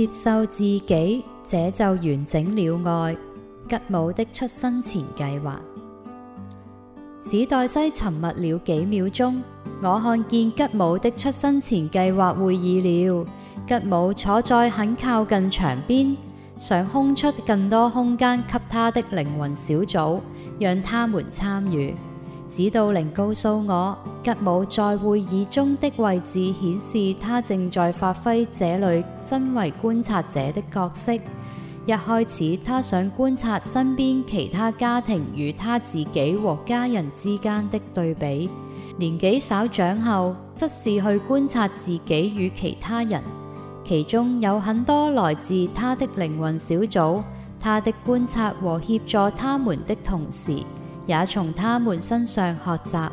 接受自己，這就完整了愛。吉姆的出生前計劃。史黛西沉默了幾秒鐘，我看見吉姆的出生前計劃會議了。吉姆坐在很靠近牆邊，想空出更多空間給他的靈魂小組，讓他們參與，指導靈告訴我。吉姆在會議中的位置顯示，他正在發揮這類身為觀察者的角色。一開始，他想觀察身邊其他家庭與他自己和家人之間的對比。年紀稍長後，則是去觀察自己與其他人，其中有很多來自他的靈魂小組。他的觀察和協助他們的同時，也從他們身上學習。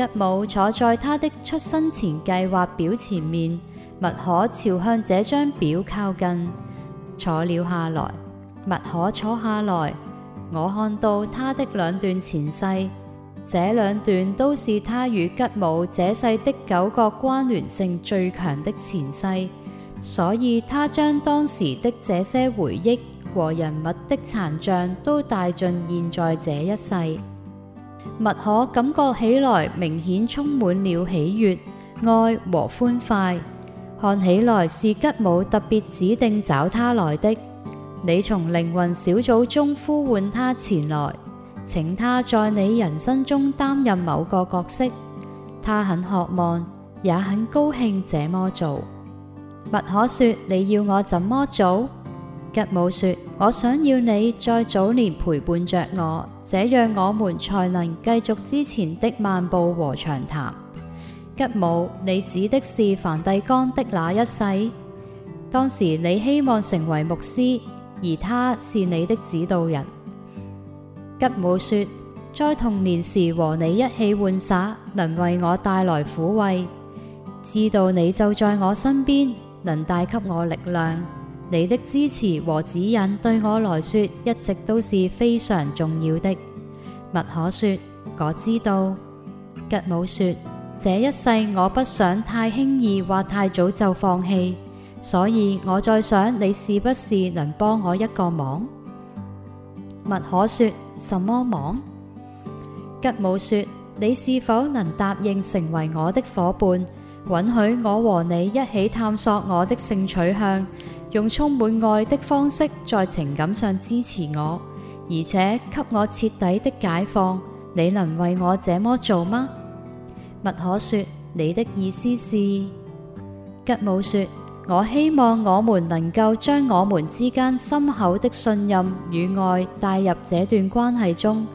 吉姆坐在他的出生前計劃表前面，麥可朝向這張表靠近，坐了下來。麥可坐下來。我看到他的兩段前世，這兩段都是他與吉姆這世的九個關聯性最強的前世，所以他將當時的這些回憶和人物的殘像都帶進現在這一世。麥可感覺起來明顯充滿了喜悅、愛和歡快，看起來是吉姆特別指定找他來的。你從靈魂小組中呼喚他前來，請他在你人生中擔任某個角色。他很渴望，也很高興這麼做。麥可說：你要我怎麼做？吉姆說：我想要你在早年陪伴着我，這樣我們才能繼續之前的漫步和長談。吉姆，你指的是梵蒂岡的那一世？當時你希望成為牧師，而他是你的指導人。吉姆說：在童年時和你一起玩耍，能為我帶來撫慰；知道你就在我身邊，能帶給我力量。你的支持和指引對我來說一直都是非常重要的。麥可說：我知道。吉姆說：這一世我不想太輕易或太早就放棄，所以我在想你是不是能幫我一個忙。麥可說：什麼忙？吉姆說：你是否能答應成為我的夥伴，允許我和你一起探索我的性取向？用充滿愛的方式，在情感上支持我，而且給我徹底的解放。你能為我這麼做嗎？麥可說：你的意思是？吉姆說，我希望我們能夠將我們之間深厚的信任與愛帶入這段關係中。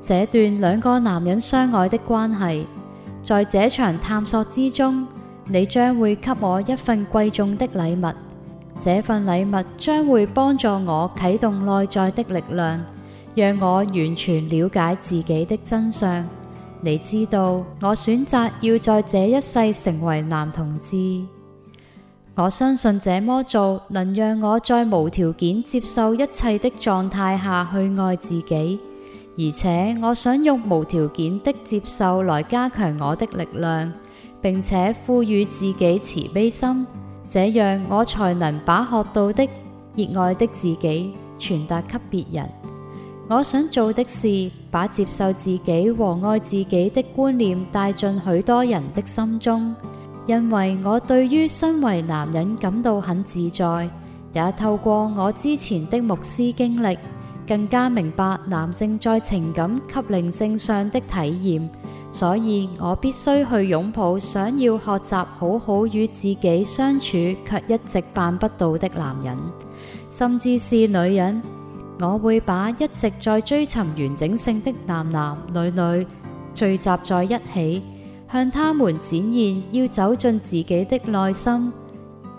這段兩個男人相愛的關係，在這場探索之中，你將會給我一份貴重的禮物。這份禮物將會幫助我啟動內在的力量，讓我完全了解自己的真相。你知道，我選擇要在這一世成為男同志，我相信這麼做能讓我在無條件接受一切的狀態下去愛自己，而且我想用無條件的接受來加強我的力量，並且賦予自己慈悲心。這樣我才能把學到的熱愛的自己傳達給別人。我想做的是，把接受自己和愛自己的觀念帶進許多人的心中。因為我對於身為男人感到很自在，也透過我之前的牧師經歷，更加明白男性在情感及靈性上的體驗。所以我必須去擁抱想要學習好好與自己相處，卻一直辦不到的男人，甚至是女人。我會把一直在追尋完整性的男男女女聚集在一起，向他們展現要走進自己的內心、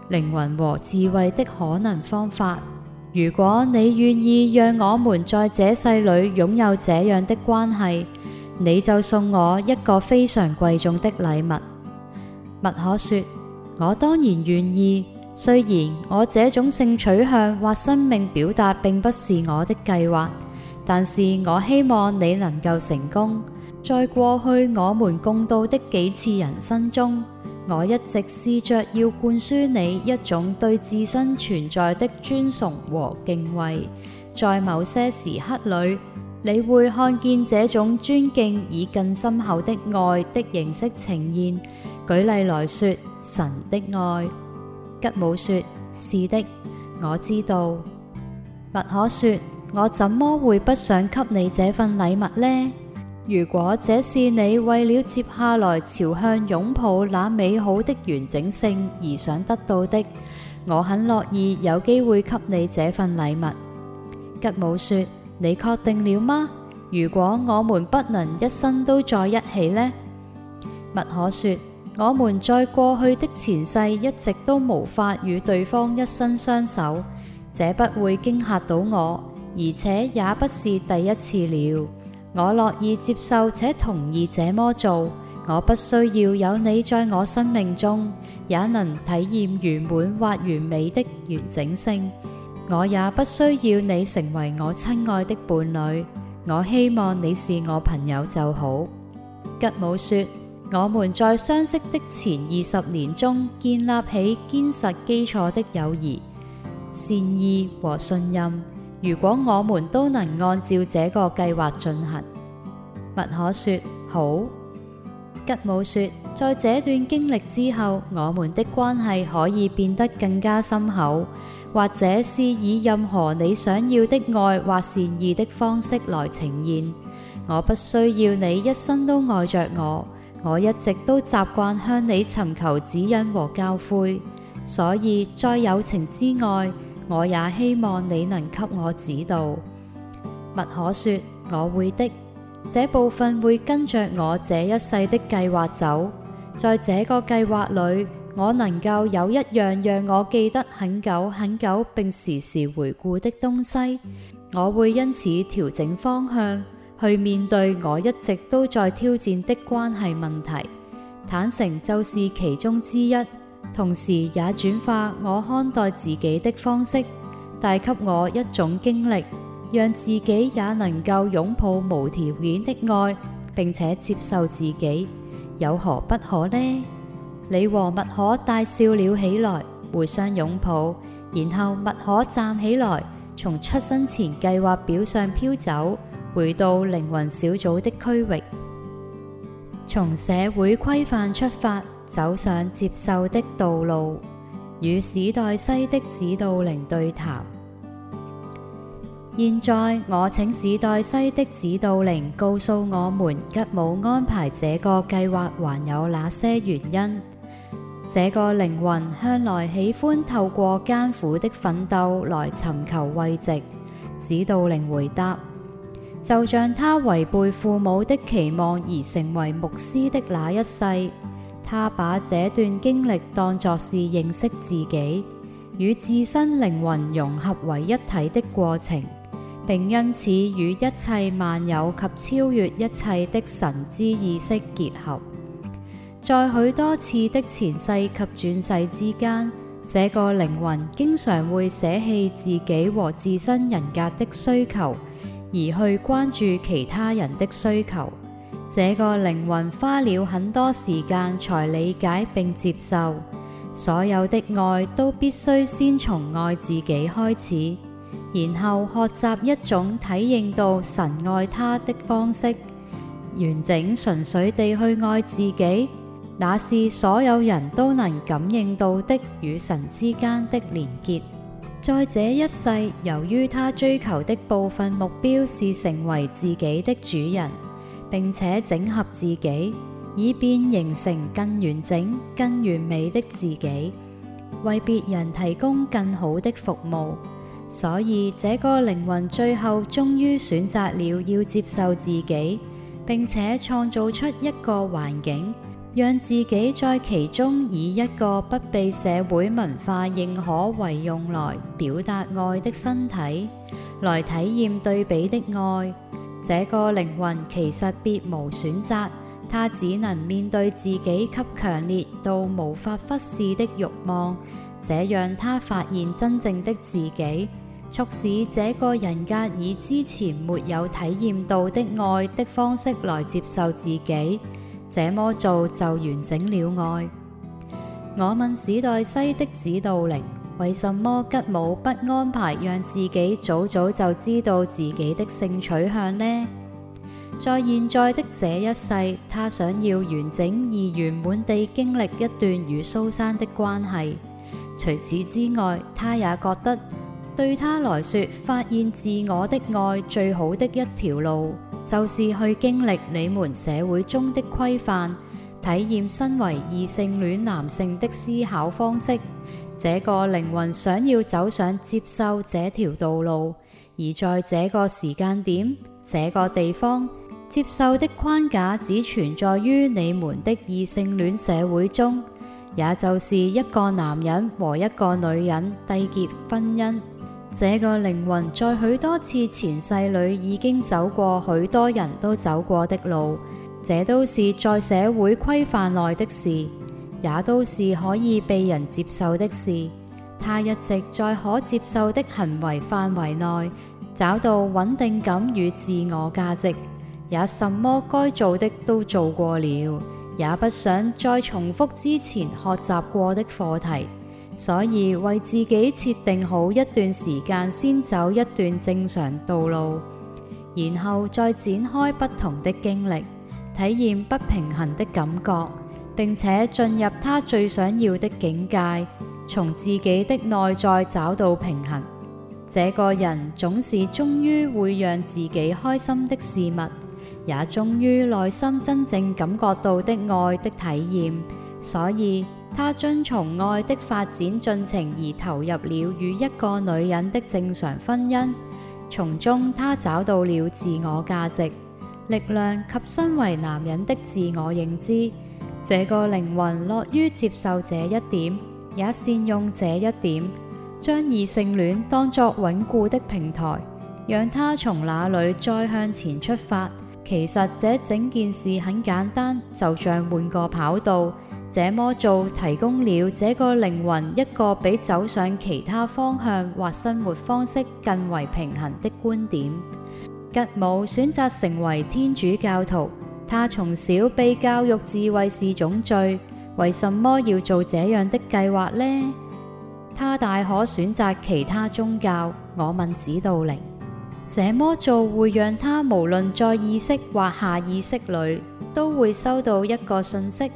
靈魂和智慧的可能方法。如果你願意，讓我們在這世裏擁有這樣的關係。你就送我一個非常貴重的禮物。勿可說，我當然願意，雖然我這種性取向或生命表達並不是我的計劃，但是我希望你能夠成功。在過去我們共度的幾次人生中，我一直試着要灌輸你一種對自身存在的尊崇和敬畏。在某些時刻裏。你會看見這種尊敬以更深厚的愛的形式呈現。舉例來說，神的愛，吉姆說：是的，我知道。麥可說：我怎麼會不想給你這份禮物呢？如果這是你為了接下來朝向擁抱那美好的完整性而想得到的，我很樂意有機會給你這份禮物。吉姆說。你確定了嗎？如果我們不能一生都在一起呢？勿可說，我們在過去的前世一直都無法與對方一生相守，這不會驚嚇到我，而且也不是第一次了。我樂意接受且同意這麼做。我不需要有你在我生命中，也能體驗圓滿或完美的完整性。我也不需要你成為我親愛的伴侶，我希望你是我朋友就好。吉姆說，我們在相識的前二十年中建立起堅實基礎的友誼、善意和信任。如果我們都能按照這個計劃進行，麥可說好。吉姆說：在這段經歷之後，我們的關係可以變得更加深厚，或者是以任何你想要的愛或善意的方式來呈現。我不需要你一生都愛着我，我一直都習慣向你尋求指引和教誨，所以在友情之外，我也希望你能給我指導。麥可說，我會的。這部分會跟着我這一世的計劃走，在這個計劃裏，我能夠有一樣讓我記得很久很久，並時時回顧的東西。我會因此調整方向，去面對我一直都在挑戰的關係問題。坦誠就是其中之一，同時也轉化我看待自己的方式，帶給我一種經歷。讓自己也能夠擁抱無條件的愛，並且接受自己，有何不可呢？你和麥可大笑了起來，互相擁抱，然後麥可站起來，從出生前計劃表上飄走，回到靈魂小組的區域。從社會規範出發，走上接受的道路，與史黛西的指導靈對談。現在我請史黛西的指導靈告訴我們吉姆安排這個計劃還有哪些原因？這個靈魂向來喜歡透過艱苦的奮鬥來尋求慰藉。指導靈回答：就像他違背父母的期望而成為牧師的那一世，他把這段經歷當作是認識自己與自身靈魂融合為一體的過程。並因此與一切萬有及超越一切的神之意識結合，在許多次的前世及轉世之間，這個靈魂經常會捨棄自己和自身人格的需求，而去關注其他人的需求。這個靈魂花了很多時間才理解並接受，所有的愛都必須先從愛自己開始。然後學習一種體認到神愛他的方式，完整純粹地去愛自己，那是所有人都能感應到的與神之間的連結。在這一世，由於他追求的部分目標是成為自己的主人，並且整合自己，以便形成更完整、更完美的自己，為別人提供更好的服務。所以，這個靈魂最後終於選擇了要接受自己，並且創造出一個環境，讓自己在其中以一個不被社會文化認可為用來表達愛的身體，來體驗對比的愛。這個靈魂其實別無選擇，它只能面對自己及強烈到無法忽視的慾望，這讓它發現真正的自己。促使這個人格以之前沒有體驗到的愛的方式來接受自己，這麼做就完整了愛。我問史黛西的指導靈，為什麼吉姆不安排讓自己早早就知道自己的性取向呢？在現在的這一世，他想要完整而圓滿地經歷一段與蘇珊的關係。除此之外，他也覺得。對他來說，發現自我的愛最好的一條路，就是去經歷你們社會中的規範，體驗身為異性戀男性的思考方式。這個靈魂想要走上接受這條道路，而在這個時間點、這個地方接受的框架只存在於你們的異性戀社會中，也就是一個男人和一個女人締結婚姻。這個靈魂在許多次前世裏已經走過許多人都走過的路，這都是在社會規範內的事，也都是可以被人接受的事。他一直在可接受的行為範圍內找到穩定感與自我價值，也什麼該做的都做過了，也不想再重複之前學習過的課題。所以為自己設定好一段時間，先走一段正常道路，然後再展開不同的經歷，體驗不平衡的感覺，並且進入他最想要的境界，從自己的內在找到平衡。這個人總是忠於會讓自己開心的事物，也忠於內心真正感覺到的愛的體驗。所以。他遵從愛的發展進程而投入了與一個女人的正常婚姻，從中他找到了自我價值、力量及身為男人的自我認知。這個靈魂樂於接受這一點，也善用這一點，將異性戀當作穩固的平台，讓他從那裏再向前出發。其實這整件事很簡單，就像換個跑道。這麼做提供了這個靈魂一個比走上其他方向或生活方式更為平衡的觀點。吉姆選擇成為天主教徒，他從小被教育智慧是種罪。為什麼要做這樣的計劃呢？他大可選擇其他宗教。我問指導靈，這麼做會讓他無論在意識或下意識裏都會收到一個信息。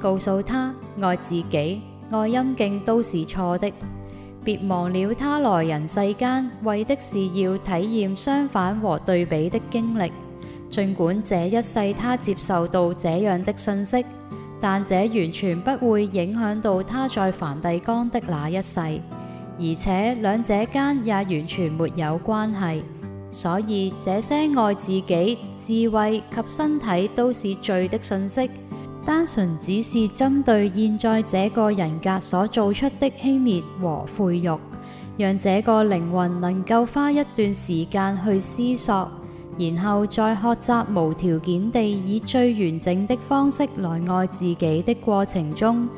告訴他愛自己、愛陰莖都是錯的。別忘了他來人世間為的是要體驗相反和對比的經歷。盡管這一世他接受到這樣的信息，但這完全不會影響到他在梵蒂岡的那一世，而且兩者間也完全沒有關係。所以這些愛自己、智慧及身體都是罪的信息，單純只是針對現在這個人格所做出的輕蔑和侮辱，讓這個靈魂能夠花一段時間去思索，然後再學習無條件地以最完整的方式來愛自己的過程中，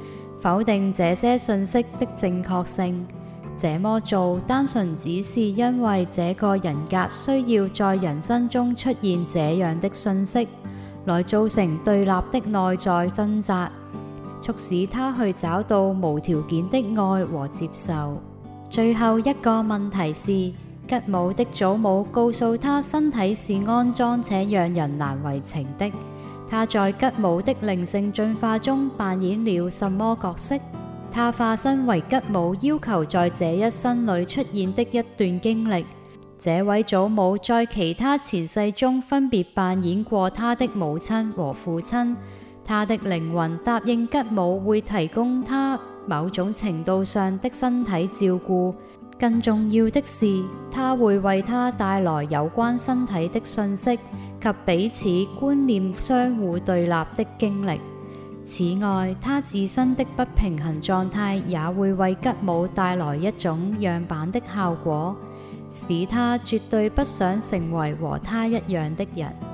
否定這些信息的正確性。這麼做單純只是因為這個人格需要在人生中出現這樣的信息。來造成對立的內在掙扎，促使他去找到無條件的愛和接受。最後一個問題是：吉姆的祖母告訴他，身體是骯髒且讓人難為情的。他在吉姆的靈性進化中扮演了什麼角色？他化身為吉姆，要求在這一生裏出現的一段經歷。這位祖母在其他前世中分別扮演過她的母親和父親。她的靈魂答應吉姆會提供她某種程度上的身體照顧，更重要的是，她會為他帶來有關身體的信息及彼此觀念相互對立的經歷。此外，她自身的不平衡狀態也會為吉姆帶來一種樣板的效果。使他絕對不想成為和他一樣的人。